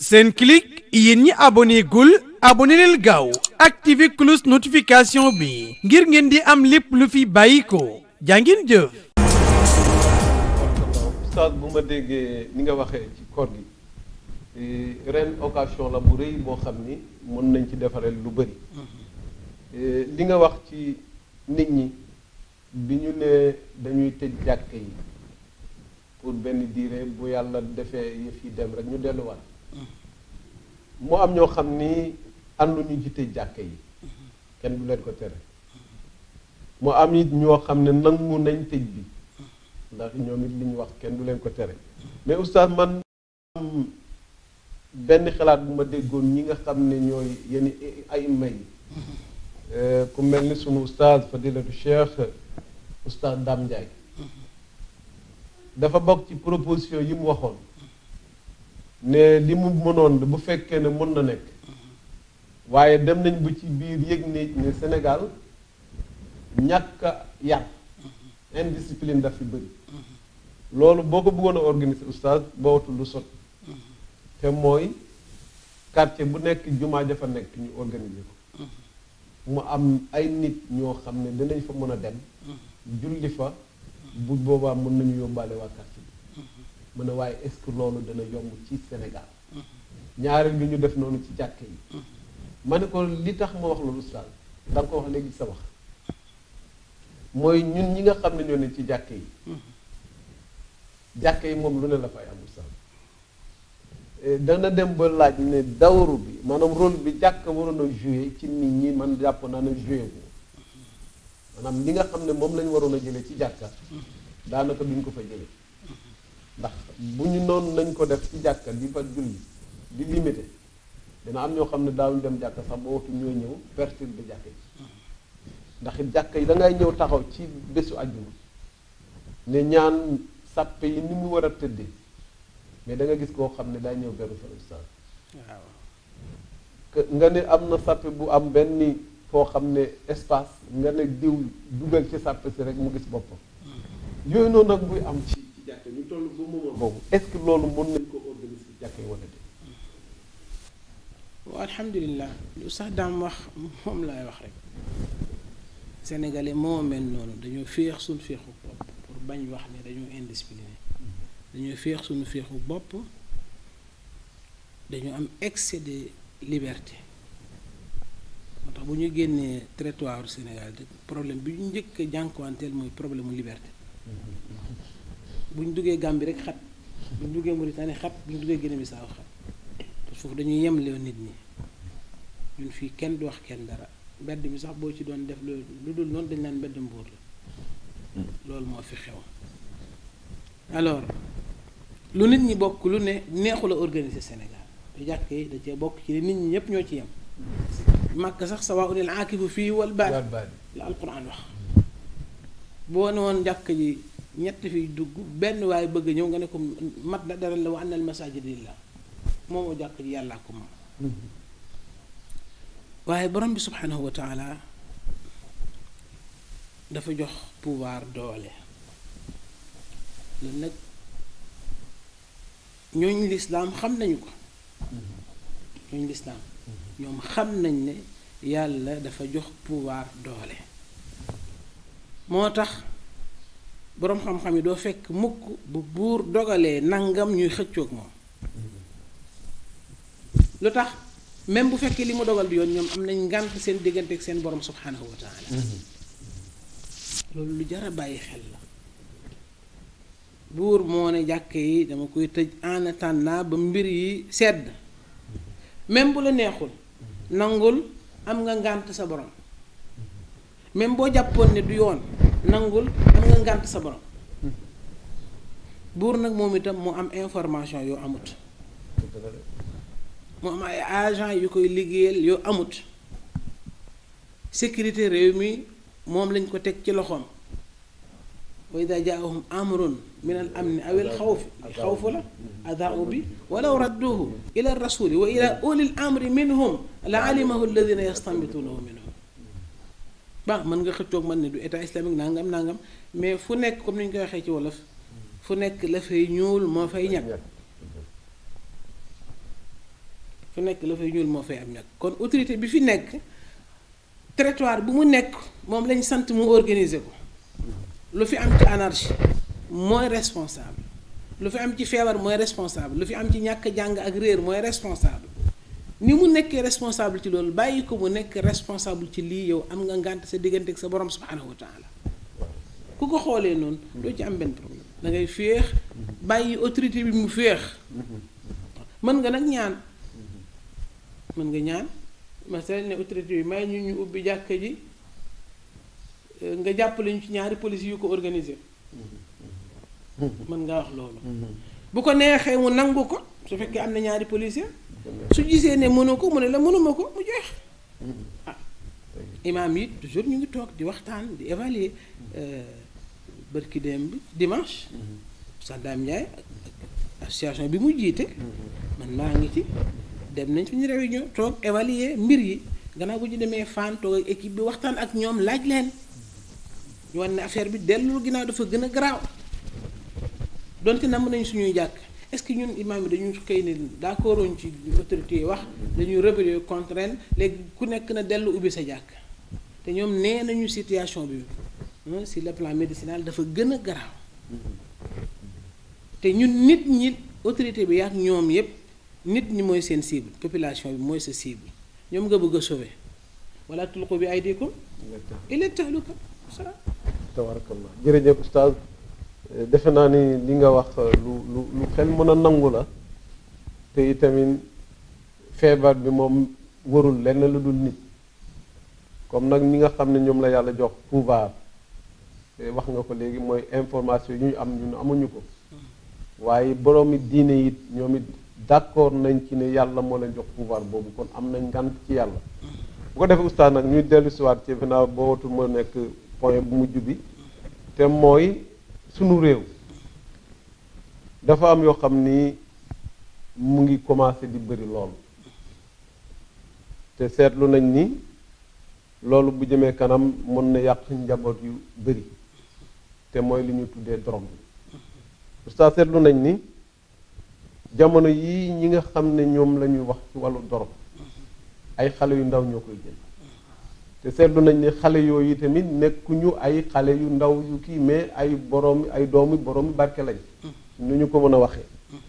seen yéen ñi abonné gul abonné leen gaaw activé cloche notification bi ngir ngeen di am lépp lu fi bàyyi ko jàngin jëf. ustaas bu ma déggee ni nga waxee ci koor eh, ren occasion la bu rëy boo xam ni mën nañ ci defaree lu bëri eh, li nga wax ci nit ñi bi ñu ne dañuy tëj jàkk yi pour benn diire bu yàlla defee yëf yi dem rek ñu delluwaat. mu am ñoo xam ni ànduñu ci tëj jàkka yi kenn du leen ko tere mu am it ñoo xam ne nangu nañ tëj bi ndax ñoom it li ñu wax kenn du leen ko tere mais oustaz man benn xalaat bu ma déggoon ñi nga xam ne ñooy yéen ay may euh, ku mel ni sunu oustaz fadilatu cheikh oustaz Dame Ndiaye dafa bokk ci proposition yi mu waxoon ne li mu mënoon bu fekkee ne mën na nekk waaye dem nañ bu ci biir yëg ne senegal ñàkk yar indiscipline daf fi bëri loolu boo ko bëggoon a organiser boo watul lu sot te mooy quartier bu nekk jumaa ja nekk ñu organiser ko mu am ay nit ñoo xam ne dinañ fa mën a dem julli fa bu boobaa mën nañu yóbbaale waa quartier mën a waaye est-ce que loolu dana yomb ci Sénégal ñaareel bi ñu def noonu ci jàkka yi ma ne ko li tax ma wax loolu sal da ko wax léegi sa wax mooy ñun ñi nga xam ne ñoo ne ci jàkka yi jàkka yi moom lu ne la fay amul sal eh, dana dem ba laaj ne dawru bi maanaam rôle bi jàkka waroon a joué ci nit ñi man jàpp naa ne joué ko maanaam li nga xam ne moom lañ waroon a jëlee ci jàkka daanaka duñ ko fa jëlee ndax bu ñu noonu nañ ko def ci jàkka di fa julli di limité dina am ñoo xam ne daawuñu dem jàkka sax ba waxtu ñoo ñëw perturbe jàkka yi ndax jàkka yi da ngay ñëw taxaw ci bésu àjjuma ne ñaan sàppe yi ni mu war a tëddee mais da nga gis koo xam ne day ñëw benn service waaw nga ne am na sàppe bu am benn foo xam ne espace nga ne diw dugal ci sàppe si rek mu gis boppam hmm. yooyu noonu nag buy am ci te toll ba moment loolu mën nañ ko organiser ci jàkk yi alhamdulilah lu sax daam wax moom laay wax rek sénégalais moo mel noonu dañoo feex suñu féexu bopp pour bañ wax ne dañoo indiscipliné dañoo féex suñu féexu bopp dañoo am excès de liberté. moo tax bu ñu génnee territoire Sénégal de problème bi ñu njëkk a jànkuwanteel mooy problème mu liberté bu ñu duggee Gambie rek xat bu ñu duggee Mauritanie xat bu ñu duggee Guinée Bissau xat foofu dañuy yem yemloo nit ñi ñun fii kenn du wax kenn dara mbedd mi sax boo ci doon def lu dul noonu dañ naan mbedd mbóor la loolu moo fi xew alors lu nit ñi bokk lu ne neexul a senegal lu te jàkk da cee bokk ci nit ñi ñëpp ñoo ci yem màkk sax sawaa unil aakifu fii wal baad la alquran wax boo ne woon jàkk ji ñett fiy dugg benn waaye bëgg ñëw nga ne ko mat na dara la wa annal masaajida lillah moomoo jàkk yàllaa ko moom waaye borom bi subhaanahu wa dafa jox pouvoir doole loolu nag ñooñu lislaam xam nañu ko ñooñu lislaam ñoom xam nañ ne yàlla dafa jox pouvoir doole moo tax boroom xam-xam yi doo fekk mukk bu buur dogalee nangam ñuy xëccoog moom lu tax même bu fekkee li mu dogal du yoon ñoom am nañ ngant seen diggante ak seen borom subhanahu wa taala loolu lu jar a bàyyi xel la buur moo ne jàkk yi dama koy tëj en attendant ba mbir yi sedd même bu la neexul nangul am nga ngànt sa borom même boo jàppoon ne du yoon nangul am nga ngànt sa borom buur nag moom itam mu am information yoo amut mu am agent yu koy liggéeyal yoo amut sécurité réew mi moom lañ ko teg ci loxoom wa ida jaahum amrun min al ni aw al xawfu la adaau bi walaw radduhu ila rasuli wa ila ulil amri minhum la alimahu alladina yastanbituunahu minhum ba mën nga xëccoog man ne du état islamique nangam nangam mais fu nekk comme ni ñu koy waxee ci wolof fu nekk la fay ñuul moo fay ñag fu nekk la fay ñuul moo fay am ñag kon autorité bi fi nekk territoire bu mu nekk moom lañ sant mu organiser ko lu fi am ci anarchie mooy responsable lu fi am ci feebar mooy responsable lu fi am ci ñàkk jàng ak réer mooy responsable ni mu nekkee responsable ci loolu bàyyi ko mu nekk responsable ci lii yow am nga ngànt sa diggante ak sa borom subhanahu wa taala ku ko xoolee noonu doo ci am benn problème da ngay féex bàyyi autorité bi mu féex mën nga nag ñaan mën nga ñaan masalan ne autorité bi may ñu ñu ubbi jàkka ji nga jàpp ñu ci ñaari police yu ko organisé mën nga wax loolu mm-hmm. bu ko neexee mu nangu ko su fekkee am na ñaari policier su gisee ne mënu ko mu ne la mënuma ko mu jeex ah. imaam yi toujours ñu ngi toog di waxtaan di évaluer euh, bërki démb bi dimanche Sadam Ndiaye ak association bi mu jiite man maa ngi ci dem nañ fi ñu réunion toog évalue mbir yi gannaaw bu ñu demee fan toog ak équipe bi waxtaan ak ñoom laaj leen ñu wan ne affaire bi dellul ginnaaw dafa gën a garaaw donte nam nañ suñuy jàkk est-ce que ñun imaam yi dañu xëy ne d'accord woon ci autorité yi wax dañuy rebelle contre ren léegi ku nekk na dellu ubbi sa jàkk te ñoom nee nañu situation bi si la plan médicinal dafa gën a garaaw te ñun nit ñi autorité bi yaak ñoom yépp nit ñi mooy seen cible population bi mooy sa cible ñoom nga bëgg a sauver wala tulqu bi aydikum ila tahluka. tabarakallah jërëjëf oustaz defe naa ni li nga wax euh, lu lu lu xel mën a nangu la te itamit feebar bi moom warul lenn lu dul nit comme nag ñi nga xam ne ñoom la yàlla jox pouvoir te wax nga ko léegi mooy information yi ñu am ñun amuñu ko waaye boroomi diine it ñoom it d'accord nañ ci ne yàlla moo leen jox pouvoir boobu kon am nañ ngànt ci yàlla bu ko defee oustaz nag ñuy dellu siwaat ci fanaa boo watul moo nekk point bu mujj bi te mooy sunu réew dafa am yoo xam ni mu ngi commencé di bëri lool te seetlu nañ ni loolu bu jëmee kanam mën na yàq njaboot yu bëri te mooy li ñu tuddee drogue bi oustaz seetlu nañ ni jamono yii ñi nga xam ne ñoom la ñuy wax ci wàllu drogue ay xale yu ndaw ñoo koy jël te seetlu nañ ni xale yooyu tamit nekkuñu ay xale yu ndaw yu kii mais ay borom ay doomi boroomi barke lañ mm-hmm. nu ñu ko mën a waxee mm-hmm.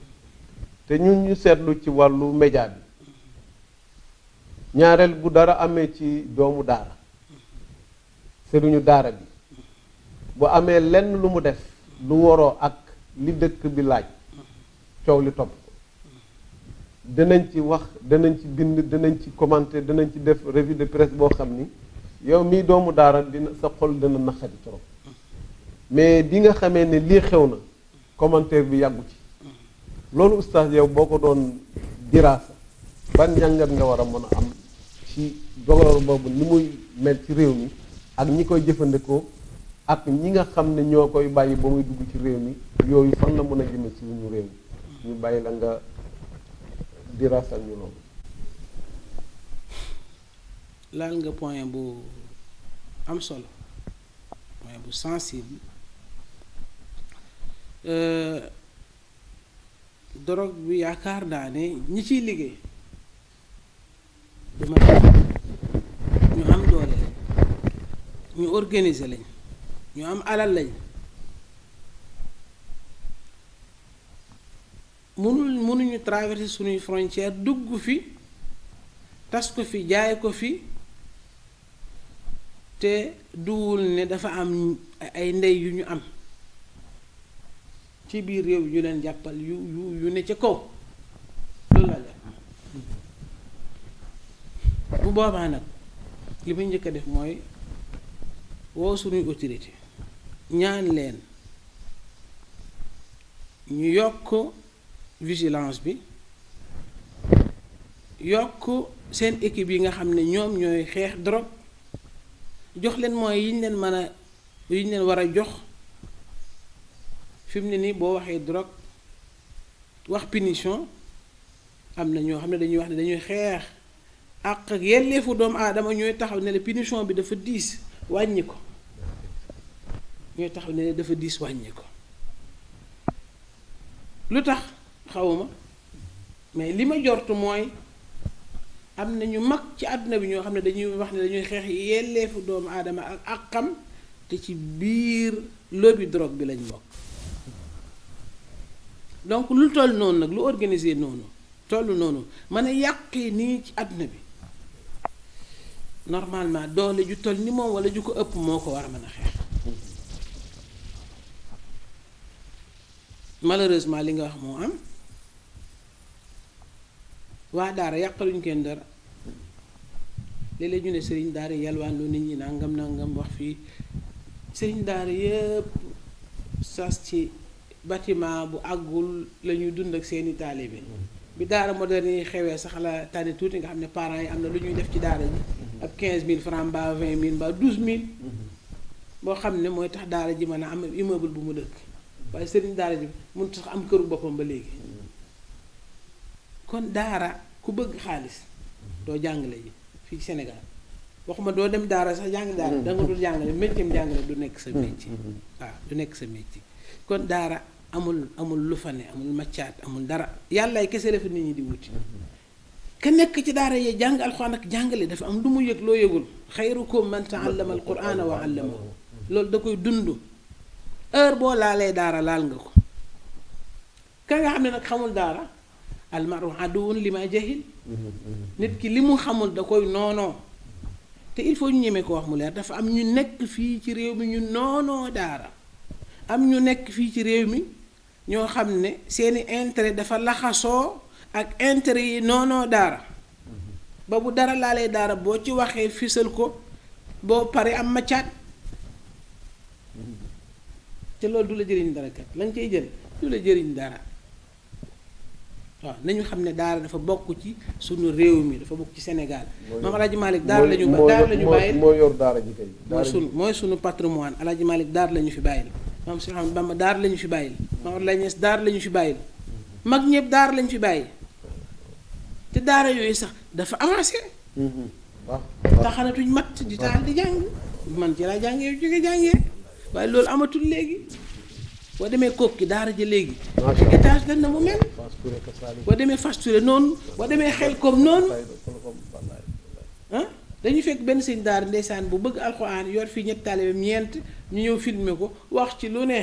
te ñu ñu seetlu ci wàllu média bi mm-hmm. ñaareel bu dara amee ci doomu daara sëriñu daara bi bu amee lenn lu mu def lu woroo ak li dëkk bi laaj coow li topp danañ ci wax danañ ci bind danañ ci commenter danañ ci def revue de presse boo xam ni yow mii doomu daara dina sa xol dana naqari trop mais bi nga xamee ne lii xew na commentaire bi yàggu ci loolu oustaz yow boo ko doon diraasa ban njàngat nga war a mën a am ci dogal boobu ni muy mel ci réew mi ak ñi koy jëfandikoo ak ñi nga xam ne ñoo koy bàyyi ba muy dugg ci réew mi yooyu fan la mën a jëme si suñu réew mi ñu bàyyi la nga dirasa ñu loolu laal nga point bu am solo point bu sensible euh, dorog bi yaakaar naa ne ñi ciy liggéey dama ñu am doole ñu organiser lañ ñu am alal lañ mënul mënuñu traverser suñuy frontière dugg fi tas ko fi jaay ko fi te duwul ne dafa am ay ndey yu ñu am ci biir réew yu leen jàppal yu yu ne ca kaw loolu bu boobaa nag li muy njëkk a def mooy woo suñuy autorité ñaan leen ñu yokk vigilance bi yokk seen équipe yi nga xam ne ñoom ñooy xeex drogue jox leen mooy yiñ leen mën a yiñ leen war a jox fi mu ne nii boo waxee drogue wax punition am na ñoo xam ne dañuy wax ne dañuy xeex ak ak yelleefu doomu aadama ñooy taxaw ne la punition bi dafa diis wàññi ko ñooy taxaw ne la dafa diis wàññi ko lu tax. xawuma mais li ma jortu mooy am na ñu mag ci àdduna bi ñoo xam ne dañuy wax ne dañuy xeex yelleefu doomu aadama ak àqam te ci biir lobby drogue bi lañ bokk donc lu toll noonu nag lu organiser noonu toll noonu mën a yàqee nii ci àdduna bi normalement doole ju toll ni moom wala ju ko ëpp moo ko war a mën a xeex malheureusement li nga wax moo am waa daara yàqaluñ kenn dara léeg-léeg ñu ne sëriñ daara yalwaan lu nit ñi nangam nangam wax fii sëriñ daara yépp sas ci bâtiment bu àggul la ñuy dund ak seeni taali bi daara moderne yi xewee sax la tànni tuuti nga xam ne parents yi am na lu ñuy def ci daara ji ab 15000 francs mbaa 20000 mbaa mille boo xam ne mooy tax daara ji mën a am umagul bu mu dëkk waaye sëriñ daara ji mënut sax am këru boppam ba léegi kon daara ku bëgg xaalis doo jàngale yi fii Sénégal waxuma doo dem daara sax jàng daara mm-hmm. da nga dul jàngale métier jàngale du nekk sa mm-hmm. métier waaw nekk sa kon daara amul amul lu fa ne amul maccaat amul dara yàllaay kese la fa nit ñi di wuti ka nekk ci daara yee jàng alxuraan ak jàngale dafa am lu mu yëg loo yëgul xayrukum man taallama alquraana wa allamahu loolu da koy dund heure boo laalee daara laal nga ko ka nga xam ne nag xamul daara almaru aduwun li ma jahil mhm, mhm. nit ki li mu xamul da koy noonoo te il faut ñu ñeme ko wax mu leer dafa am ñu nekk fii ci réew mi ñu noonoo daara am ñu nekk fii ci réew mi ñoo xam ne seeni intérêt dafa laxasoo ak intérêt yi noonoo daara mhm. ba bu dara laalee daara boo ci waxee fisal ko boo pare am macaat te loolu du la jëriñ dara kat la jël du la jëriñ dara waaw nañu xam ne daara dafa bokk ci sunu réew mi dafa bokk ci Sénégal moom Alaaji Malick daara lañu daara lañu bàyyil moo yor daara ji kay mooy suñu mooy suñu patrimoine Alaaji Malick daara lañu fi bàyyil maam si xam Bamba daara lañu fi bàyyil maam Abdoulaye Niass daara lañu fi bàyyil mag ñëpp daara lañu fi bàyyi te daara yooyu sax dafa avancé mhm. taxanatuñ mat di taal di jàng man ci laa jàngee jóge jàngee waaye loolu amatul léegi boo demee kooku ki daara ja léegi étage gën na mu mel boo demee Fass Touré noonu boo demee xel koom noonu ah fekk benn sëñ daar ndeysaan bu bëgg alxuraan yor fii ñetti taalibeem ñeent ñu ñëw filmer ko wax ci lu ne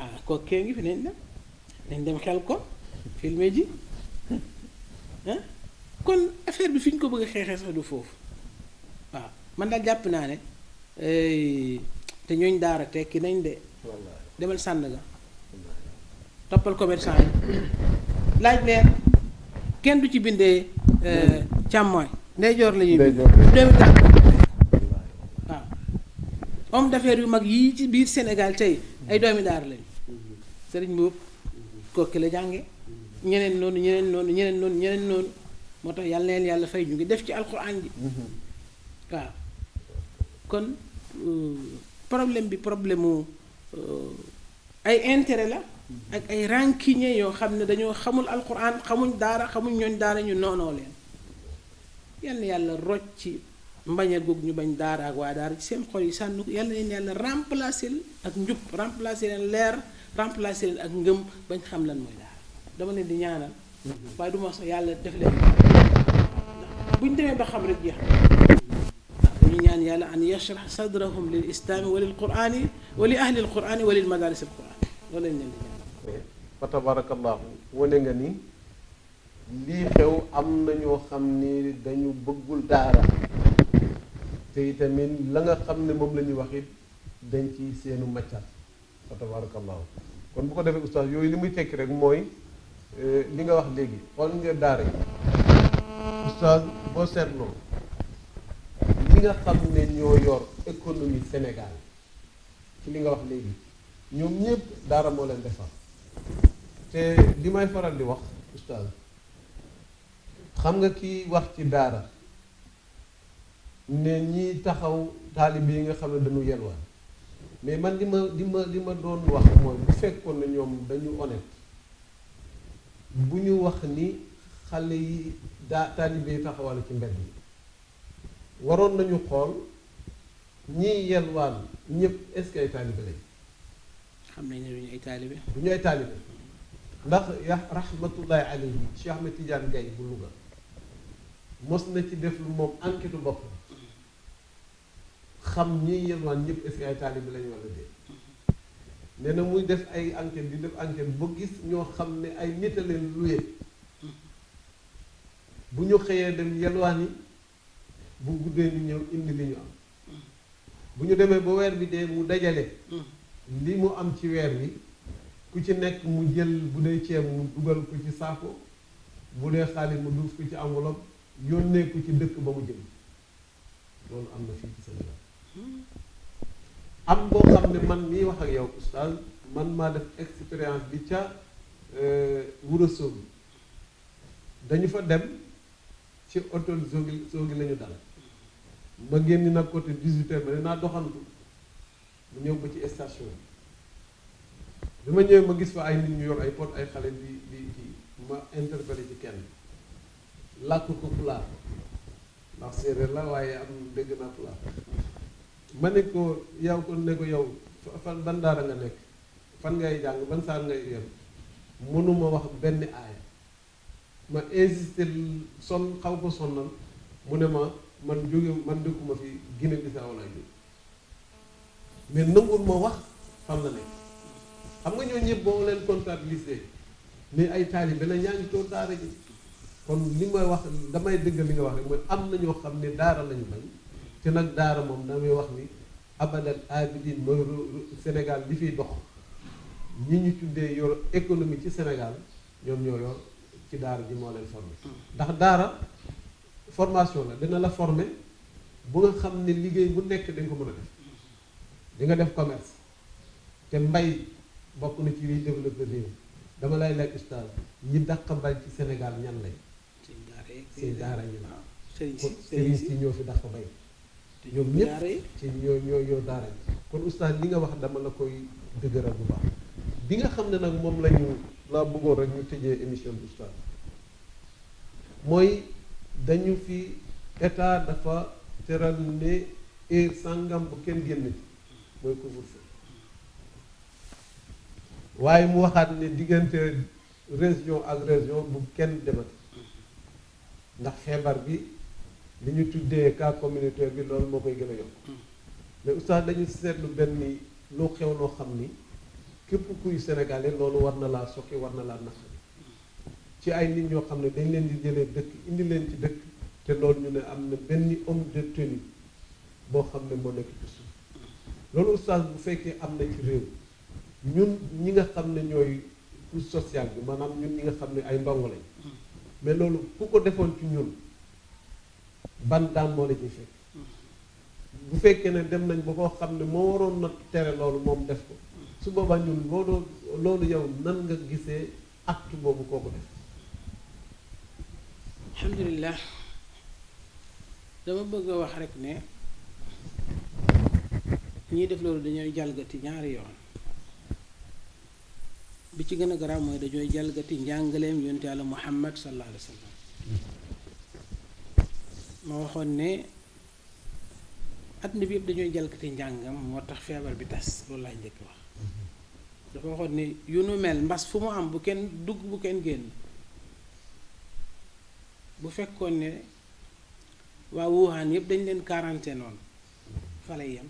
ah kooku ngi fi nañ dem nañ dem xel koom filmer ji ah kon affaire bi fi ñu ko bëgg xeexee sax du foofu waaw man daal jàpp naa ne eh, te ñooñ daara tekki nañ de demal Sandaga toppal commerçant yi laaj leen kenn du ci bindee euh, hmm. càmmooñ ndeyjoor la ñuy bind doomi yu mag yi ci biir Sénégal tey ay doomi daar lañu sëriñ Mbuub kokki la jànge ñeneen noonu ñeneen noonu ñeneen noonu ñeneen noonu moo tax yàlla leen yàlla fay ñu ngi def ci alxuraan ji hmm. waaw kon euh, problème bi problème mu Euh, ay intérêt la ak ay rancunier yoo xam ne dañoo xamul alquran xamuñ daara xamuñ ñooñ daara ñu noonoo leen yal yàlla roj ci mbaña goog ñu bañ daara ak waa daara ci seen xol yi sànni ko yal na leen yàlla remplacer ak njub remplacer leen leer remplacer ak ngëm bañ xam lan mooy daara dama leen di ñaanal mhm. waaye du yàlla def leen buñ demee ba xam rek jeex ñu ñaan yàlla an yashrah sadrahum lil islaami wa lil quraani wa li ahli al quraani wa lil madaaris al quraan loolu lañ leen di ñaan fa tabarakallahu wane nga ni lii xew am na ñoo xam ni dañu bëggul daara te itamit la nga xam ne moom la ñuy wax it dañ ci seenu maccal fa tabarakallahu kon bu ko defee oustaz yooyu li muy tekki rek mooy eh, li nga wax léegi xool nga daara yi oustaz boo seetloo ñi nga xam ne ñoo yor économie Sénégal ci li nga wax léegi ñoom ñëpp daara moo leen defar te li may faral di wax oustaz xam nga ki wax ci daara ne ñi taxaw taalib yi nga xam ne dañu yelwaan mais man li ma li ma doon wax mooy bu fekkoon ne ñoom dañu honnête bu ñu wax ni xale yi daa taalib yi taxawal ci mbedd yi waroon nañu xool ñiy yelwaan ñëpp est-ce que ay taalibe lañ xam nañ ne du ay taalibe du ñu ay taalibe ndax ya rahmatullahi alayhi Cheikh Ahmed Tidiane Gaye bu Louga mos na ci def lu moom enquête bopp xam ñiy yelwaan ñëpp est ay taalibe lañ wala dee nee muy def ay enquête di def enquête ba gis ñoo xam ne ay nit a leen luye mm-hmm. bu ñu xëyee dem yelwaan yi bu guddee ñu ñëw indi li ñu am bu ñu demee ba weer bi de mu dajale li mu am ci weer bi ku ci nekk mu jël bu dee ceeb mu dugal ko ci saako bu dee xaalis mu duuf ko ci enveloppe yónnee ko ci dëkk ba mu jëm loolu am na fii ci Sénégal am boo xam ne man mii wax ak yow oustaz man maa def expérience bi ca Ourossogui euh, dañu fa dem ci hôtel Sogi Sogi la ñu dal ma génn nag côté 18 heures ma ne naa doxantu mu ñëw ba ci station bi ma ñëwee ma gis fa ay nit ñu yor ay pot ay xale di di di ma interpellé ci kenn làkk ko pulaar ndax séeréer la waaye am dégg naa pulaar ma ne ko yow ko ne ko yow fan ban daara nga nekk fan ngay jàng ban saar ngay yor mënuma wax benn aaya ma insisté son xaw ko sonnal mu ne ma man jóge man dëkkuma fi Guinée Bissau laa jóge mais nanguwul ma wax fan la nekk xam nga ñoo ñëpp boo leen comptabiliser mais ay taalibe la ñaa ngi toog daara ji kon li may wax damay dëgg li nga wax rek mooy am na ñoo xam ne daara lañu bañ te nag daara moom damay wax ni abadan abidin mooy Sénégal li fiy dox ñi ñu tuddee yor économie ci Sénégal ñoom ñoo yor ci daara ji moo leen formé mm. ndax daara formation la dina la former bu nga xam ne liggéey bu nekk dañ ko mën a def di nga def commerce te mbay bokk na ci liy développé réew dama lay laaj ustaas ñi dàq mbay ci Sénégal ñan lay seen daara ñi la ah, sëriñ si ñoo fi dàq mbay ñoom ñëpp ci ñoo ñoo ñëw daara ji kon ustaas li nga wax dama la koy dëgëral bu baax bi nga xam ne nag moom lañu laa bëggoon rek ñu tëjee émission bi ustaas mooy dañu fi état dafa teral ne heure sàngam bu kenn génn mooy couvre-feu waaye mu waxaat ne diggante région ak région bu kenn demati ndax feebar bi li ñu tuddee cas communautaire bi loolu moo koy gën a yokk mais oustaz dañu seetlu benn lu xew loo xam ni képp kuy sénégalais loolu war na laa sokki war na laa nax ci ay nit ñoo xam ne dañ leen di jëlee dëkk indi leen ci dëkk te loolu ñu ne am na benn homme de tenue boo xam ne moo nekk ci suuf loolu oustaz bu fekkee am na ci réew ñun ñi nga xam ne ñooy couche sociale bi maanaam ñun ñi nga xam ne ay ndongo lañ mais loolu ku ko defoon ci ñun ban daan moo la ciy bu fekkee ne dem nañ ba koo xam ne moo waroon na tere loolu moom def ko su boobaa ñun loolu loolu yow nan nga gisee acte boobu kooku def alhamdulilah dama bëgg a wax rekk ne ñiy def loolu dañooy jalgati ñaari yoon bi ci gën a garaaw mooy dañooy jalgati njàngaleem yonte yàlla muhammad sallallahu alayhi wa sallam ma waxoon ne adduna bi yëpp dañooy jalgati njàngam moo tax feebar bi tas loolu laay njëkk wax mhm. dafa waxoon ne yu nu mel mbas fu mu am bu kenn dugg bu kenn génn bu fekkoon ne waaw Wuhan yëpp dañ leen quarantaine noonu fa lay yem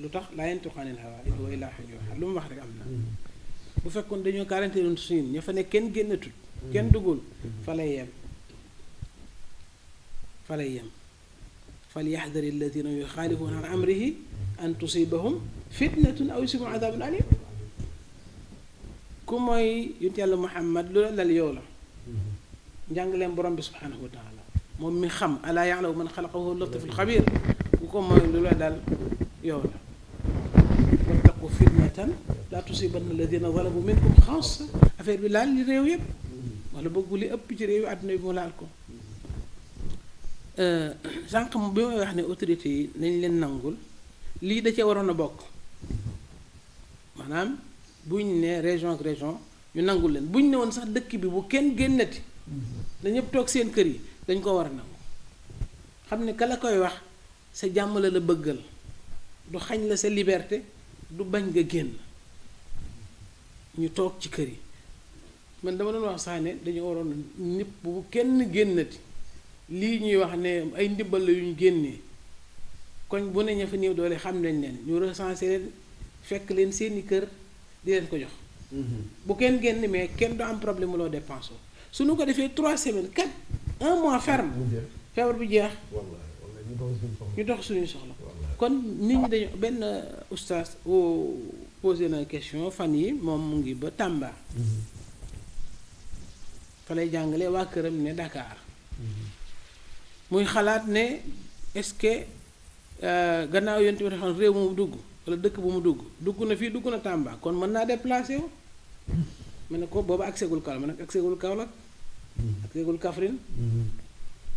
lu tax laa yantiqu anil hawaa in huwa illaa wahyun yuuhaa lu mu wax rek am na bu fekkoon dañoo quarantaine noonu suñu ña fa ne kenn génnatul kenn duggul fa lay yem fa lay yem falyaxdari alladina yuxaalifuuna an amrihi an tusibahum fitnatun aw yusibahum adabun alim ku mooy yonent Muhammad lu la dal yow la njàngaleem borom bi subhaanahu wa taala moom mi xam alaa yaalamu man xalaqahu latiful xabiir ku ko mooy lu la daal yow la wattaqu fitnatan laa tusibanna alladina zalamu minkum xaassa affaire bi laal li réew yëpp wala bëggu li ëpp ci réew yi àdduna bi mu laal ko euh, sànq bi ne autorité yi nañ leen nangul lii da cee waroon a bokk maanaam buñ ne région ak région ñu nangul leen buñ ne woon sax dëkk bi bu kenn génnati na ñëpp toog seen kër yi dañ ko war a nangu xam ne ka la koy wax sa jàmm la la bëggal du xañ la sa liberté du bañ nga génn ñu toog ci kër yi man dama doon wax sax ne dañu waroon ñëpp bu kenn génnati lii ñuy wax ne ay ndimbal la yu ñu génnee koñ bu ne ña fa néew doole xam nañ leen ñu recensé fekk leen seeni kër di leen ko jox mm-hmm. bu kenn génn mais kenn du am problème mu su ñu ko defee trois semaines quatre un mois ferme. feebar bu jeex. ñu dox suñu soxla. kon nit ñi dañu benn euh, oustaz woo posé na question fan yi moom mu ngi ba Tamba. Mm-hmm. fa lay jàngale waa këram ne Dakar. Mm-hmm. muy xalaat ne est-ce que euh, gannaaw yonent bi xam réew mu mu dugg wala dëkk bu mu dugg dugg na fii dugg na Tamba kon mën naa déplacé wu. ma ne ko boobu accès gul Kaolack ma ne ko accès gul ak yëgul Kaffrine mhm.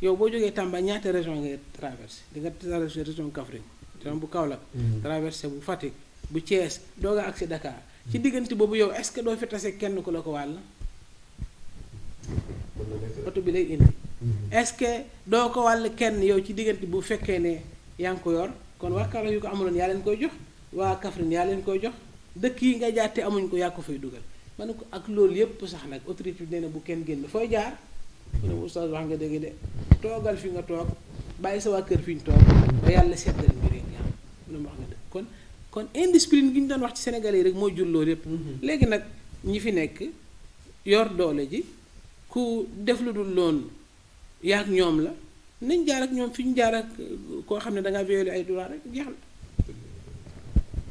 yow boo jógee tàmba ñaata région ngay traversé di nga traversé région Kaffrine région bu Kaolack mhm. traversé bu Fatick bu Thiès dooga ak si Dakar ci diggante boobu yow est-ce que doo fi tase kenn ku la ko wàll oto bi lay indi mhm. est-ce que doo ko wàll kenn yow ci diggante bu fekkee ne yaa ko yor kon waa Kaolack yu ko amuloon yaa leen koy jox waa kafrin yaa leen koy jox dëkk yi nga jaate amuñ ko yaa ko fay dugal ma ne ko ak loolu yëpp sax nag autorité bi nee na bu kenn génn fooy jaar mu ne ma oustaz wax nga dëgg de toogal fi nga toog bàyyi sa waa kër fi ñu toog ba yàlla seddal mbir yi mu ne ma wax nga dëgg kon kon indiscipline gi ñu doon wax ci Sénégalais yi rek mooy jur loolu yëpp. Mm-hmm. léegi nag ñi fi nekk yor doole ji ku def lu dul loolu yaak ñoom la nañ jaar ak ñoom fi ñu jaar ak koo xam ne da ngaa violé ay droit rek jeex na.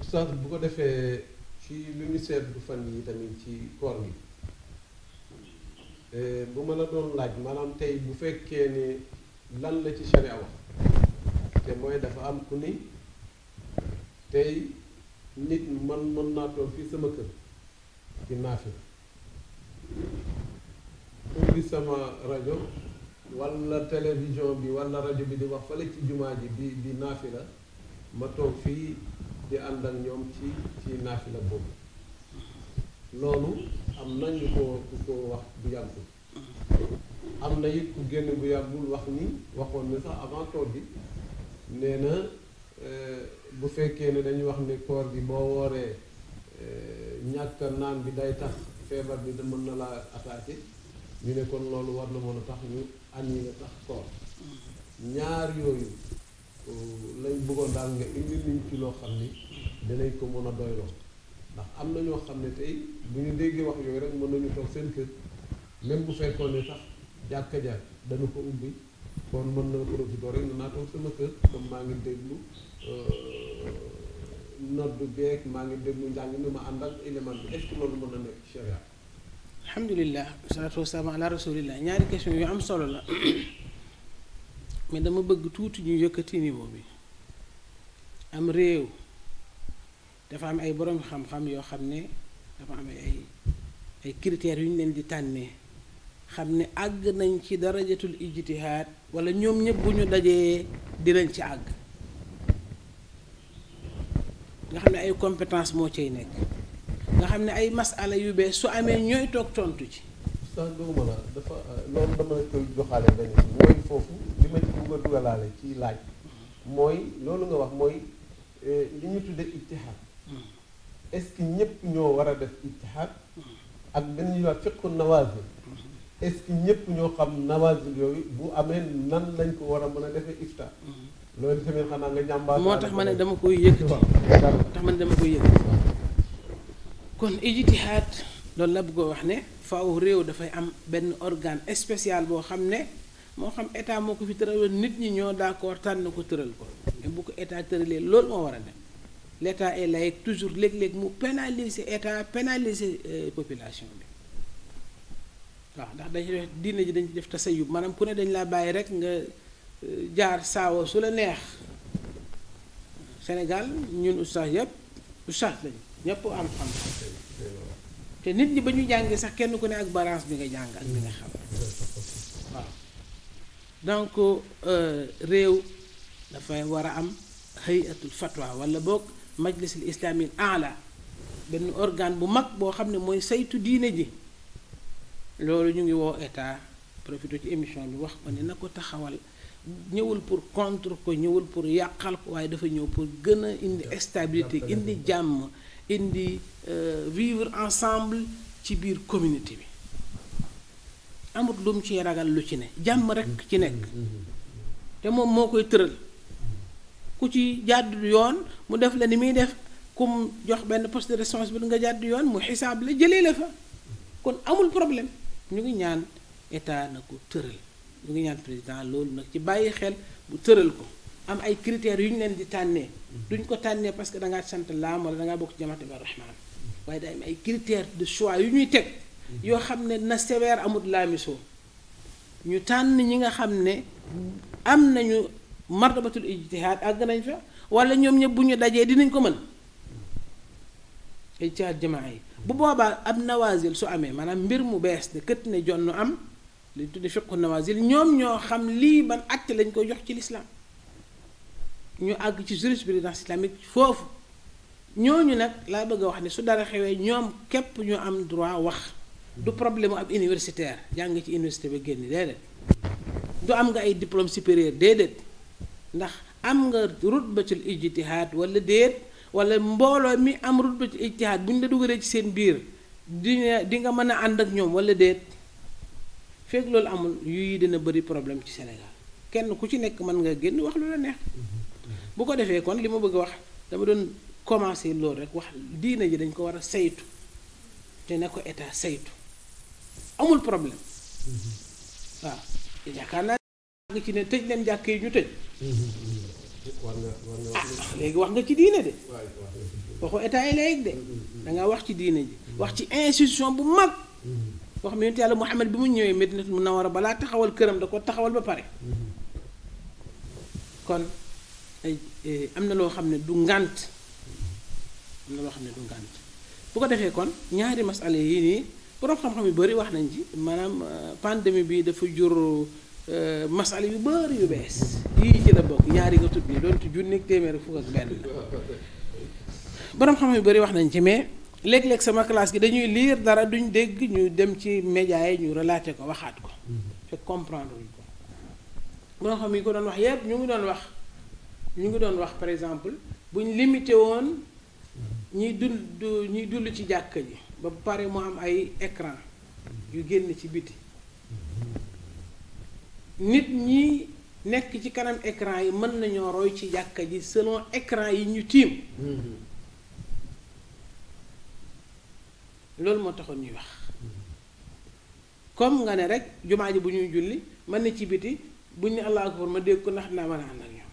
oustaz bu ko defee. ci lu ñu seetlu fan yi tamit ci koor gi eh, bu ma la doon laaj maanaam tey bu fekkee ni lan la ci sharia wax te mooy dafa am ku ni tey nit man mën naa toog fii sama kër di naafi ubbi sama rajo wala télévision bi wala rajo bi di wax fële ci jumaa ji di di naafi la ma toog fii di ànd ñoom ci ci naafila boobu loolu am nañ ko ku ko wax bu yàggul am na it ku génn bu yàggul wax ni waxoon na sax avant bi nee na euh, bu fekkee ne dañu wax ne koor bi boo wooree euh, ñàkk naan bi day tax feebar bi da mën na laa attaqué ñu ne kon loolu war na mën a tax ñu añi na tax koor ñaar yooyu lañ bëggoon daal nga indi liñ ci loo xam ni dinañ ko mën a doyloo ndax am na ñoo xam ne tey bu ñu déggee wax yooyu rek mën nañu toog seen kër même bu fekkoon ne sax jàkk ja dana ko ubbi kon mën na profité rek na naa sama kër comme maa ngi déglu euh, noddu beeg maa ngi déglu njàng mi ma ànd ak élément bi est-ce que loolu mën na nekk ci charia alhamdulilah salaatu wasalaam ala rasulillah ñaari question yu am solo la mais dama bëgg tuuti ñu yëkkati niveau bi am réew dafa am ay borom xam-xam yoo xam ne dafa am ay ay critères yu ñu leen di tànnee xam ne àgg nañ ci darajatul ijtihaad wala ñoom ñëpp bu ñu dajee dinañ ci àgg nga xam ne ay compétence moo ciy nekk nga xam ne ay masala yu bees su amee ñooy toog tontu ci. saa dugg dafa ma ci laaj mooy loolu nga wax mooy euh, li ñu tudde ittihaad ce que ñëpp ñoo war a def ittihaad ak benn ñu wax fiqu nawaasil ce ñëpp ñoo xam nawaasil yooyu bu amee nan lañ ko war a mën a defee ifta loolu tamit xanaa nga moo tax ma ne dama koy yëkkati moo tax ma ne dama koy kon ijtihaad loolu la bëggoo wax ne faw réew dafay am benn organe spécial boo xam ne moo xam état moo ko fi tëraloon nit ñi ñoo d'accord tànn ko tëral ko mais bu ko état tëralee loolu moo war a dem l' état est toujours léeg-léeg mu pénaliser état pénaliser euh, population bi waaw ndax dañu def diine ji dañ def tasayub maanaam ku ne dañ laa bàyyi rek nga euh, jaar saawa su la neex Sénégal ñun ustaas yëpp ustaas lañu ñëpp am xam te nit ñi ba ñu jàngee sax kenn ku ne ak balance bi nga jàng ak mi nga xam donc euh, réew dafay war a am hayatul fatwa wala boog majlisul islaamil ala benn organe bu mag boo xam ne mooy saytu diine ji loolu ñu ngi woo état profité ci émission bi wax ko ne na ko taxawal ñëwul pour contre ko ñëwul pour yàqal ko waaye dafa ñëw pour gën a indi stabilité indi jàmm indi euh, vivre ensemble ci biir communauté bi amut lum ci ragal lu ci ne jàmm rekk ci nekk te moom moo koy tëral ku ci jàdd yoon mu def la ni muy def kum jox benn poste de bi responsabilité nga jàdd yoon mu xisaab la jëlee la fa kon amul problème ñu ngi ñaan état na ko tëral ñu ngi ñaan président loolu nag ci bàyyi xel bu tëral ko am ay critères yu ñu leen di tànnee duñ ko tànnee parce que da sant laam wala da ngaa bokk jamaat ba rahmaan waaye day am ay critères de choix yu ñuy teg yoo xam ne na sévère amut laamiso ñu tànn ñi nga xam ne am nañu martabatul ijtihaad àgg nañ fa wala ñoom ñëpp bu ñu dajee dinañ ko mën ijtihaad jamaa yi bu boobaa ab nawazil su amee maanaam mbir mu bees de kët ne jonn am li tudde fiqu nawazil ñoom ñoo xam lii ban acte lañ koy jox ci lislaam ñu àgg ci jurisprudence islamique foofu ñooñu nag laa bëgg a wax ne su dara xewee ñoom képp ñu am droit wax du problème ak universitaire jàng ci université ba génn déedéet du am nga ay diplôme supérieur déedéet ndax am nga rutbatul ijtihaad wala déet wala mbooloo mi am rutbatul ijtihaad bu ñu la dugalee ci seen biir di di nga mën a ànd ak ñoom wala déet fekk loolu amul yuy dina bëri problème ci Sénégal kenn ku ci nekk mën nga génn wax lu la neex bu ko defee kon li ma bëgg a wax dama doon commencer loolu rek wax diina ji dañ ko war a saytu te ne ko état saytu amul problème waa yaakaar naa nga tëj leen jàkk yi ñu tëj ah léegi wax nga ci diine de waxu état yi léegi de mm-hmm. danga wax ci diine ji wax ci institution bu mag boo mu ne yonent yàlla Muhammad bi mu ñëwee Medinatu Munawara balaa taxawal këram da ko taxawal ba pare mm-hmm. kon eh, am na loo xam ne du ngànt am na loo xam ne du ngànt bu ko defee kon ñaari masale yii nii borom xam-xam yu bëri wax nañ ci maanaam euh, pandémie bi dafa jur euh, masala yu bëri yu bees yii ci la bokk ñaari nga tudd yi doon te junni téeméer fukk ak benn borom xam-xam yu bëri wax nañ ci mais léeg-léeg sama classe gi dañuy liir dara duñ dégg ñu dem ci média yi ñu relaté ko waxaat ko mm-hmm. fekk comprendre ñu ko borom xam yi ko doon wax yépp ñu ngi doon wax ñu ngi doon wax par exemple buñ limité woon ñiy dul ñuy dul ci jàkka ji ba pare mu am ay écran yu génn ci biti nit ñi nekk ci kanam écran yi mën nañoo roy ci jàkka ji selon ecran yi ñu tiim loolu moo taxoon ñuy wax comme nga ne rek jumaa ji bu ñuy julli mën na ci biti buñ ne allah akbar ma dégg ko ndax naa mën a ànd ak ñoom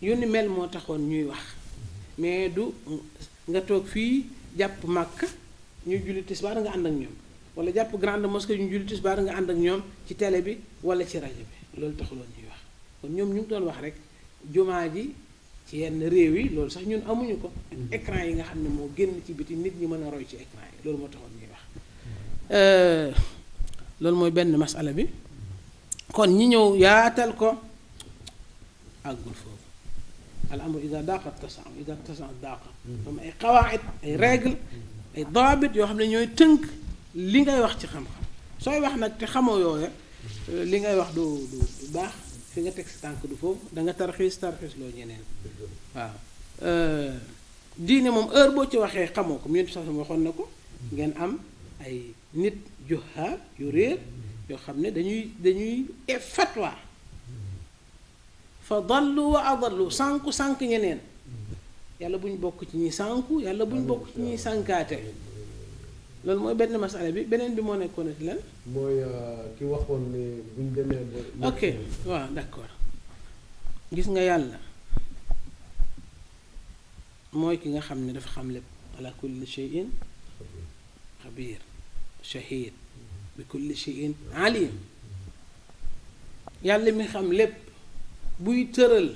yu ni mel moo taxoon ñuy wax mais du nga toog fii jàpp màkk ñu julli tisbaar nga ànd ak ñoom wala jàpp grande mosquée ñu julli tisbaar nga ànd ak ñoom ci télé bi wala ci rajo bi loolu taxuloon ñuy wax kon ñoom ñu ngi doon wax rek jumaa ji ci yenn réew yi loolu sax ñun amuñu ko ak mm-hmm. écran yi nga xam ne moo génn ci biti nit ñi mën a roy ci écran yi loolu moo taxoon ñuy mm-hmm. euh, loolu mooy benn masala bi kon ñi ñëw yaatal ko àggul foofu al amru ida daqa tasan ida tasan daqa am mm-hmm. ay qawaid ay règle ay daabit yoo xam ne ñooy tënk li ngay wax ci xam-xam sooy wax nag te xamoo yooya euh, li ngay wax du du du baax fi nga teg si tànk du foofu da nga tarxiis tarxiis loo ñeneen waaw euh, diine moom heure boo ci waxee xamoo ko mu yéen sax waxoon na ko ngeen am ay nit juhaa yu réer yoo xam ne dañuy dañuy fatwa fa dallu wa adallu sànku sànk ñeneen yàlla bu ñu bokk ci ñuy sànku yàlla bu ñu bokk ci ñuy sànkaate loolu mooy benn masala bi beneen bi moo nekkoon ci lan. mooy euh, ki waxoon ne bu ñu demee ok waaw d'accord gis nga yàlla mooy ki nga xam ne dafa xam lépp ala kulli shay'in xabiir shahid bi kulli shay'in alim yàlla mi xam lépp buy tëral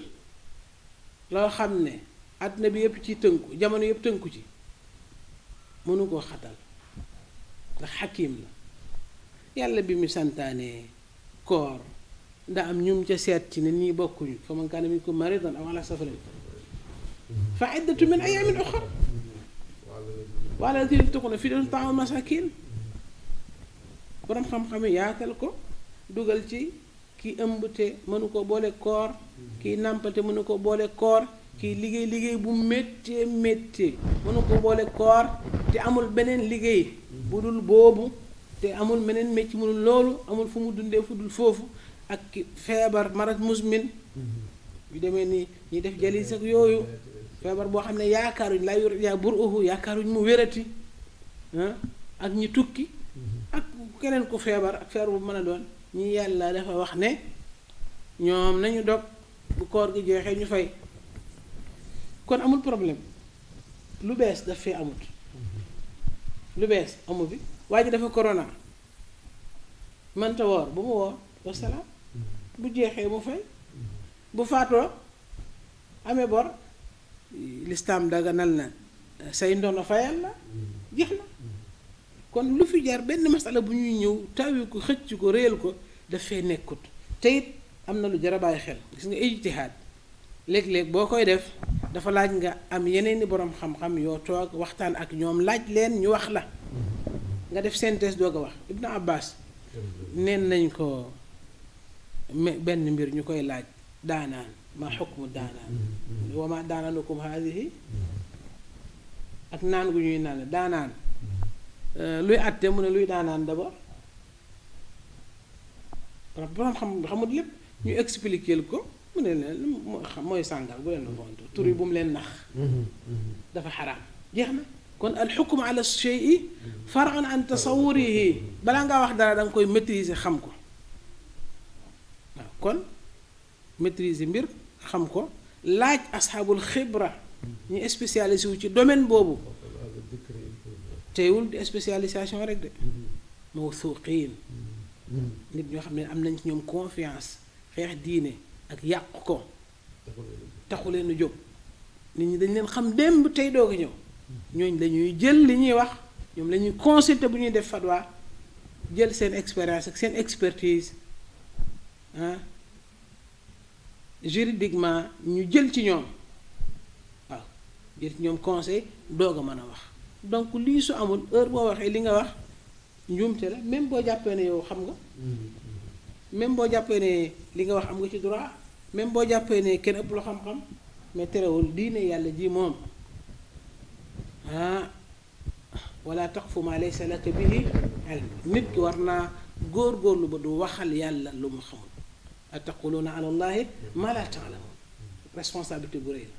loo xam ne. àdduna bi yëpp ci tënku jamono yëpp tënku ci mënu koo xatal ndax xakim la yàlla bi mu santaane koor nda am ñum ca seet ci ne nii bokkuñu fa man kaana minkum maridan aw ala safarin xam-xam yi yaatal ko dugal ci kii ëmb te mënu ko boole koor kii nàmpate mënu ko boole koor kii liggéey liggéey bu méttee méttee mënu ko boole koor te amul beneen liggéey bu dul boobu te amul beneen mécc mënul loolu amul fu mu dundee fu dul foofu ak feebar marat musmin yu demee nii ñuy def jalis ak yooyu feebar boo xam ne yaakaaruñ laa yor yaa bur uhu yaakaaruñ mu wérati ah, ak ñi tukki ak keneen ku feebar ak feebar bu mën a doon ñi yàlla dafa wax ne ñoom nañu dog bu koor gi jeexee ñu fay kon amul problème lu bees dafa fee amut lu bees amu bi waa ji dafa korona mënta woor bu mu woor wasalaam bu jeexee mu fay bu faatoo amee bor listam lislaam daganal na say ndono fayal la jeex na kon lu fi jaar benn masala bu ñuy ñëw taawi ko xëcc ko réyal ko daf fee nekkut te it am na lu jar a bàyyi xel gis nga ijtihaad léeg-léeg boo koy def dafa laaj nga am yeneen i borom xam-xam yoo toog waxtaan ak ñoom laaj leen ñu wax la nga def synthèse doog a wax Ibnu Abbas neen nañ ko benn mbir ñu koy laaj daanaan ma xukmu daanaan wa ma daanaanukum haadihi ñuy naan daanaan euh, luy àtte mu ne luy daanaan daba borom xam xamul lépp ñu expliquer ko mu ne leen mooy sàngal bu leen ngontu tur yi bu mu leen nax dafa xaraam jeex na kon al xukm ala an tasawurihi balaa ngaa wax dara danga koy maîtriser xam ko waaw kon maîtriser mbir xam ko laaj asxaabul xibra ñu spécialisé wu ci domaine boobu teewul di rek de mawthuqin nit ñoo xam ne am nañ ci ñoom confiance xeex diine ak yàq ko taxu leen jóg nit ñi dañ leen xam démb tey doog ñëw ñooñ lañuy jël li ñuy wax ñoom la ñuy consulter bu ñuy def fatwa jël seen expérience ak seen expertise ah juridiquement ñu jël ci ñoom waaw jël ci ñoom conseil doog a mën a wax donc lii su amul heure boo waxee li nga wax njuumte la même boo jàppee ne yow xam nga mm-hmm. même boo jàppee ne li nga wax am nga ci droit même boo jàppee ne kenn ëpp lu xam-xam mais terewul diine yàlla ji moom ah wala taqfu ma laysa nit ki war naa góor-góorlu ba du waxal yàlla lu mu xamul ataquluna ala allahi ma la taalamun responsabilité bu rëy la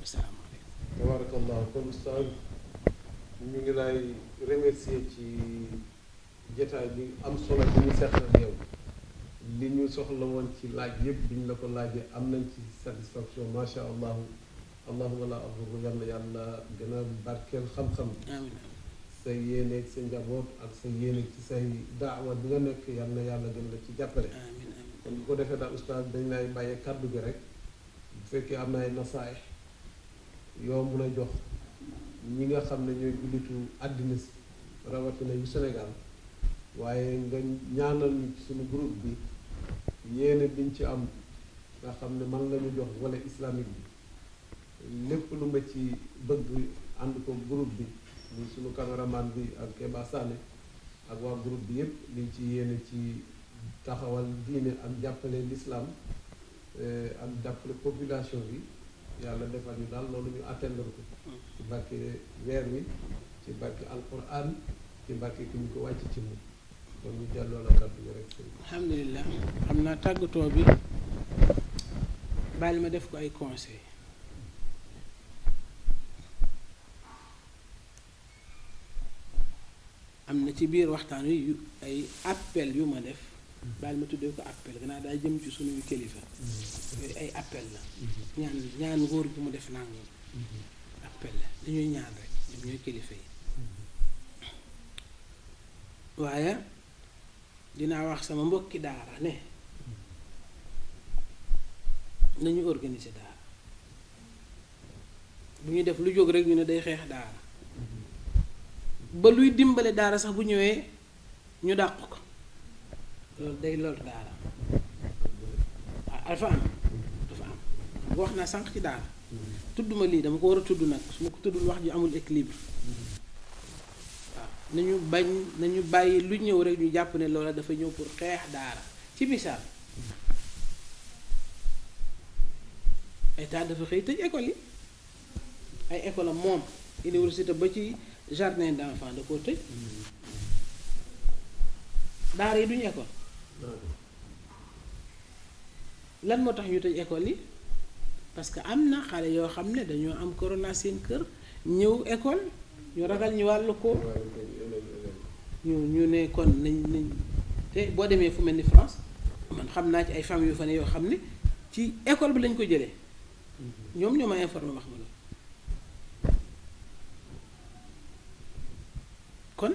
wasalaamaaleykum tabarakallah kon ustaz ñu ngi lay remercier ci jotaay bi am solo bi ñu seqal ak yow li ñu soxla woon ci laaj yëpp bi ñu la ko laajee am nañ ci satisfaction macha allah allahuma la abdour am na yàlla gën a barkeel xam-xam sa yéeneeg sa njaboot ak sa yéeneeg ci say daawa bi nga nekk na yàlla gën na ci jàppale kon bu ko defee daal oustaz dañ lay bàyyee kàddu gi rek bu fekkee am na ay nasaay yoo mun a jox ñi nga xam ne ñooy jullitu àddina si rawatina yu Sénégal waaye nga ñaanal suñu groupe bi yéene biñ ci am nga xam ne man la jox wala islamique bi lépp lu ma ci bëgg ànd ko group bi muy sunu caméraman bi ak Keba Sané ak waa group bi yépp liñ ci yéene ci taxawal diine ak jàppale l'islam eh, ak jàppale population bi yàlla defal ñu daal loolu ñu atteindre ko mm. ci barke weer wi ci barke alquran ci barke ki ñu ko wàcc ci moom kon ñu delloo la alhamdulilah xam naa tàggatoo bi bàyyi ma def ko ay conseil am na ci biir waxtaan wi yu ay appel yu ma def bàyyi ma tuddee ko appel gannaaw daa jëm ci suñuy kilifa yooyu ay appel la ñaan ñaan ngóor bu mu def nangam appel la dañuy ñaan rek ñoom ñooy yi waaye dinaa wax sama mbokki daara ne nañu organise daara bu ñuy def lu jóg rek ñu ne day xeex daara ba luy dimbale daara sax bu ñëwee ñu dàq ko loolu day loolu daara waaw ah, dafa am dafa am wax naa sànq ci daara tudd ma lii dama ko war a tudd nag su ma ko tuddul wax ji amul équilibre nañu bañ nañu bàyyi lu ñëw rek ñu jàpp ne loola dafa ñëw pour xeex daara ci misaal état dafa xëy tëj école yi ay école am moom université ba ci jardin d'enfants da koo tëj daara yi duñu école lan moo tax ñu tëj école yi parce que am na xale yoo xam ne dañoo am corona seen kër ñëw école ñu ragal ñu wàll ko ñu ñu ne kon nañ nañ te boo demee fu mel ni France man xam naa ci ay femmes fa yoo xam ne ci école bi lañ ko jëlee ñoom ñoo ma informé ma xam loolu kon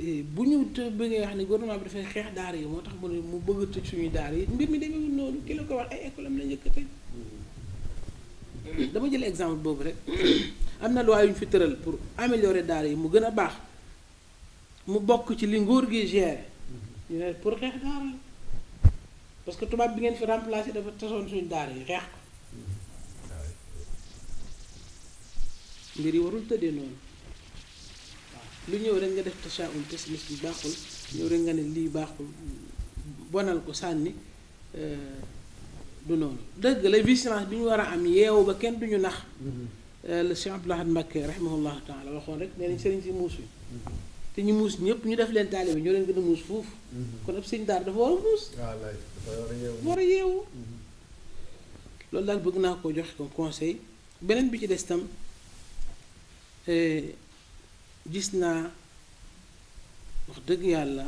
eh, bu ñu bëggee wax ne gouvernement bi dafay xeex daara yi moo tax mu mu bëgg a suñuy daara yi mbir mi demewul noonu la ko wax ay la njëkk a mm. dama jël exemple boobu rek am na loi yu ñu fi tëral pour améliorer daara yi mu gën a baax. mu bokk ci li nguur gi géré pour xeex daara parce que tubaab bi ngeen fi remplacé dafa tasoon suñu daara yi xeex ko mbir yi warul tëddee noonu waaw lu ñëw rek nga def tashaawul tasmis bi baaxul ñëw rek nga ne lii baaxul bonal ko sànni euh, du noonu dëgg la vigilance bi ñu war a am yeewu ba kenn du duñu nax mm-hmm. euh, la Cheikh Abdoul Ahad Mbacké rahimahullahu taala waxoon rek nee nañ sëriñ si muus wi mm-hmm. te ñu muus ñëpp ñu def leen taalibe ñoo leen gën a muus foofu. Mhm. kon ab sëñ daara dafa war a muus. war a yeewu. Mhm. loolu daal bëgg naa koo joxe ko conseil beneen bi ci des tam eh, gis naa wax dëgg yàlla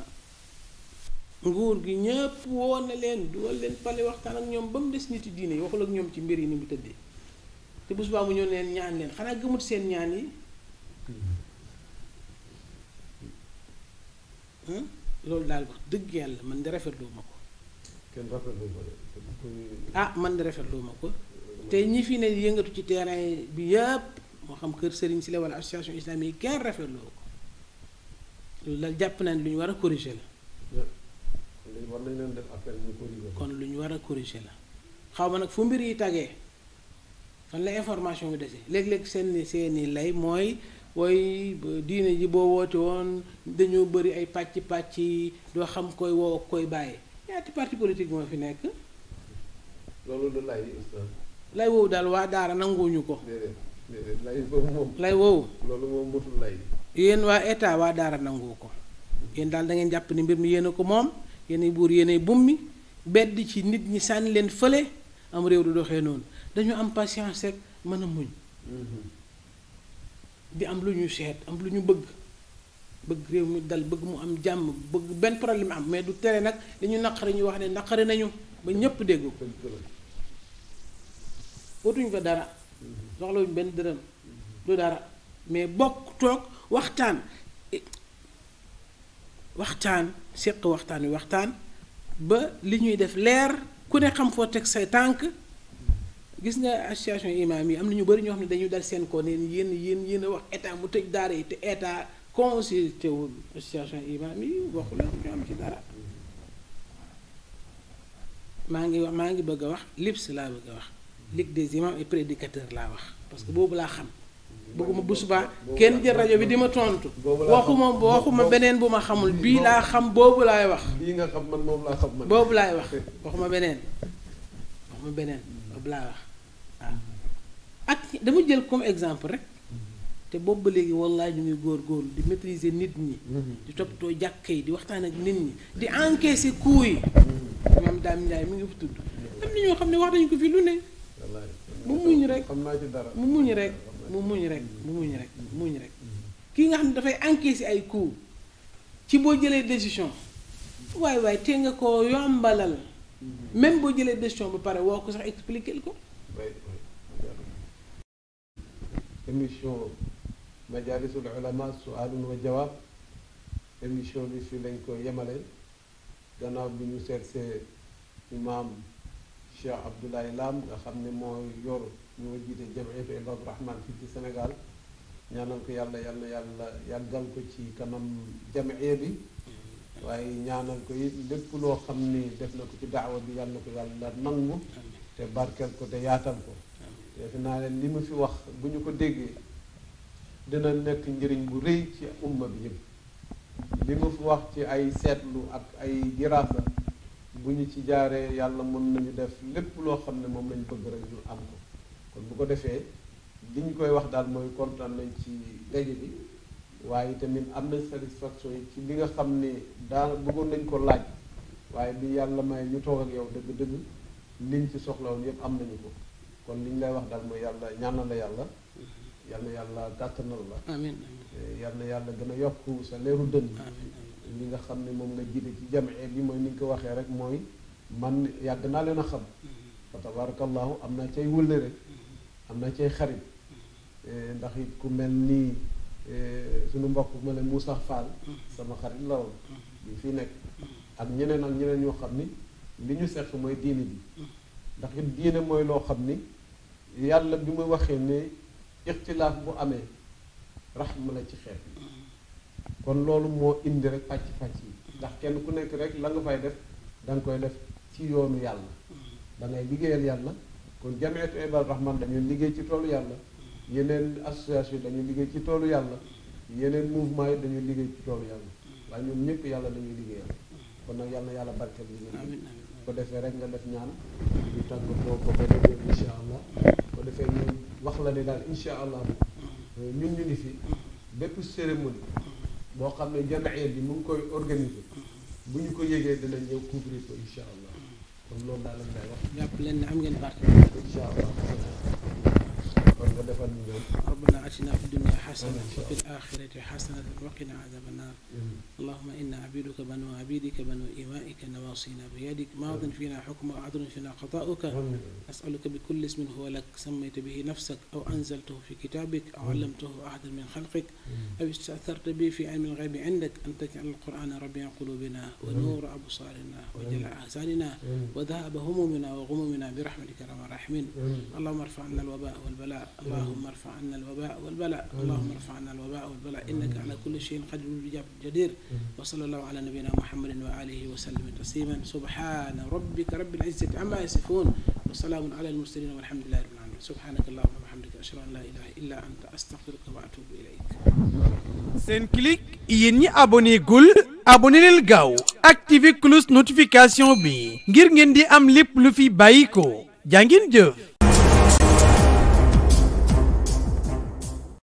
nguur gi ñëpp woo na leen dugal leen pale waxtaan ak ñoom ba mu des nit yi diine yi waxul ak ñoom ci mbir yi ni mu tëddee te bu subaa mu ñëw neen ñaan leen xanaa gëmut seen ñaan yi. Mhm. Hmm? loolu daal wax dëgg yàlla man de rafetlu ma ko. kenn ma ko ah man de rafetlu ma ko te ñi fi ne yëngatu ci terrain bi yëpp moo xam kër sëriñ si la wala association islamique kenn rafetlu ko loolu daal jàpp naa ne lu ñu war a corriger la. war nañ leen def appel ñu kon lu ñu war a corriger la xaw ma nag fu mbir yi tagee fan la information bi dese léeg-léeg seen seeni lay mooy. wooy diine ji boo woote woon dañoo bëri ay pàcc pàcc doo xam koy wo koy bàyyi ñaati parti politique moo fi nekk. loolu du lay lay daal waa daara nanguwuñu ko. lay wow moom. loolu moom motul yéen waa état waa daara nanguwu ko yéen daal da ngeen jàpp ni mbir mi yéen a ko moom yéenay buur yéenay bummi bedd ci nit ñi sànni leen fële am réew du doxee noonu dañu am patience rek mën a muñ. Mhm. di am lu ñu seet am lu ñu bëgg bëgg réew mi dal bëgg mu am jàmm bëgg benn problème am mais du tere nag dañu naqari ñuy wax ne naqari nañu ba ñépp dégg ko wutuñ ko dara soxlawuñ benn dërëm du dara mais bokk toog waxtaan waxtaan séq waxtaan wi waxtaan ba li ñuy def leer ku ne xam foo teg say tànk gis nga association imam yi am na ñu bëri ñoo xam ne dañu dal seen ko neen yéen yéen yéen wax état mu tëj daara yi te état consulté wul association imam yi waxu la am ci dara maa ngi wax maa ngi bëgg a wax LIPS laa bëgg a wax ligue laa wax parce que boobu laa xam bëgguma bu subaa kenn jël rajo bi di ma tontu waxuma waxuma beneen bu ma xamul bii xam boobu laay wax bii nga xam boobu laay wax waxuma beneen waxuma beneen boobu laa wax Ah. ak dama jël comme exemple rek te boobu ba léegi wallaay ñu ngi góor di maîtriser nit ñi mm-hmm. di toppatoo jàkka yi di waxtaan ak nit ñi di encaisser coups yi mm-hmm. maam Dame Ndiaye mu ngi fi tudd am na ñoo xam ne wax nañu ko fii lu ne mu muñ rek mu muñ rek mu muñ rek mu muñ rek mu muñ rek kii nga xam ne dafay encaisser ay coups ci boo jëlee décision waaye waaye te nga ko yombalal mm-hmm. même boo jëlee décision ba pare woo ko sax expliquer ko émission majalisul ulama sualun wa jawaab émission bi fi lañ ko yemale gannaaw bi ñu seetsee imaam Cheikh Abdoulaye Lam nga xam ne moo yor ñoo jiite jamiatu Ibadu Rahman fii ci Sénégal ñaanal ko yàlla yàlla yàlla yàggal ko ci kanam jamia bi ko it loo xam ni def na ko ci daawa bi yàlla ko yàlla nangu te barkeel ko te yaatal ko defe naa leen li mu fi wax bu ñu ko déggee dina nekk njëriñ bu rëy ci umma bi yëpp li mu fi wax ci ay seetlu ak ay giraasa bu ñu ci jaaree yàlla mën nañu def lépp loo xam ne moom lañu bëgg rek ñu am ko kon bu ko defee li koy wax daal mooy kontaan nañ ci daje bi waaye tamit am na satisfaction yi ci li nga xam ne daal bëggoon nañ ko laaj waaye bi yàlla may ñu toog ak yow dëgg-dëgg liñ ci soxlawoon yëpp am nañu ko kon li ñu wax dal mooy yàlla ñaanal la yàlla yal mm-hmm. na yàlla la amiin na yàlla gën a yokk sa leeru dënn li nga xam ne moom nga jiite ci jamee bi mooy ni nga ko waxee rek mooy man yàgg naa leen a xam mm-hmm. fa tabarakallahu am naa cay wëllëre mm-hmm. am naa cay xarit eh, ndaxit ku mel nii eh, suñu mbokk ma leen Moussa Fall sama xarit la woon bi fii nekk ak ñeneen ak ñeneen ñoo xam ni li ñu seq mooy diine bi ndax it mooy loo xam ni yàlla bi muy waxee ne ixtilaaf bu amee raxma la ci xeet kon loolu moo indi rek pàcc pàcc yi ndax kenn ku nekk rek la nga fay def da koy def ci yoonu yàlla da ngay liggéeyal yàlla kon jameetu ibad rahman dañuy liggéey ci toolu yàlla yeneen association dañuy liggéey ci toolu yàlla yeneen mouvement yi dañuy liggéey ci toolu yàlla waaye ñoom ñëpp yàlla dañuy liggéeyal kon nag yàlla yàlla barkeel liggéey ko defee rek nga def ñaan ñu tàggatoo ko wax la ni daal insha allah mm-hmm. ñun ñu ngi fi mm-hmm. bépp cérémonie mm-hmm. boo xam ne jamaayat bi mu ngi koy organiser bu ñu ko yégee dina ñëw couvrir ko insha allah kon loolu daal lañ lay wax. jàpp leen ne am ngeen parti. insha allah. ربنا آتنا في الدنيا حسنة وفي الآخرة حسنة وقنا عذاب النار اللهم إنا عبيدك بنو عبيدك بنو إمائك نواصينا بيدك ماض فينا حكم وعدل فينا قضاؤك أسألك بكل اسم هو لك سميت به نفسك أو أنزلته في كتابك أو علمته أحدا من خلقك أو استأثرت به في علم الغيب عندك أن تجعل القرآن ربيع قلوبنا ونور أبصارنا وجل أحزاننا وذهاب همومنا وغمومنا برحمتك يا رب الراحمين اللهم ارفع عنا الوباء والبلاء allahumma arfa anna alwabaa walbala allahumma arfa anna alwabaa walbala innaka ala kulli shay'in qadirun bi jab jadir wa sallallahu ala nabiyyina muhammadin wa alihi wa sallam tasliman subhana rabbika rabbil izzati amma yasifun wa salamun ala almursalin walhamdulillahi rabbil alamin subhanaka allahumma wa bihamdika ashhadu an la ilaha illa anta astaghfiruka wa atubu ilayk Senclic yéen ñi abonné gul abonné leen gaaw activé cloche notification bi ngir ngeen di am lépp lu fi bàyyi ko jàngin jëf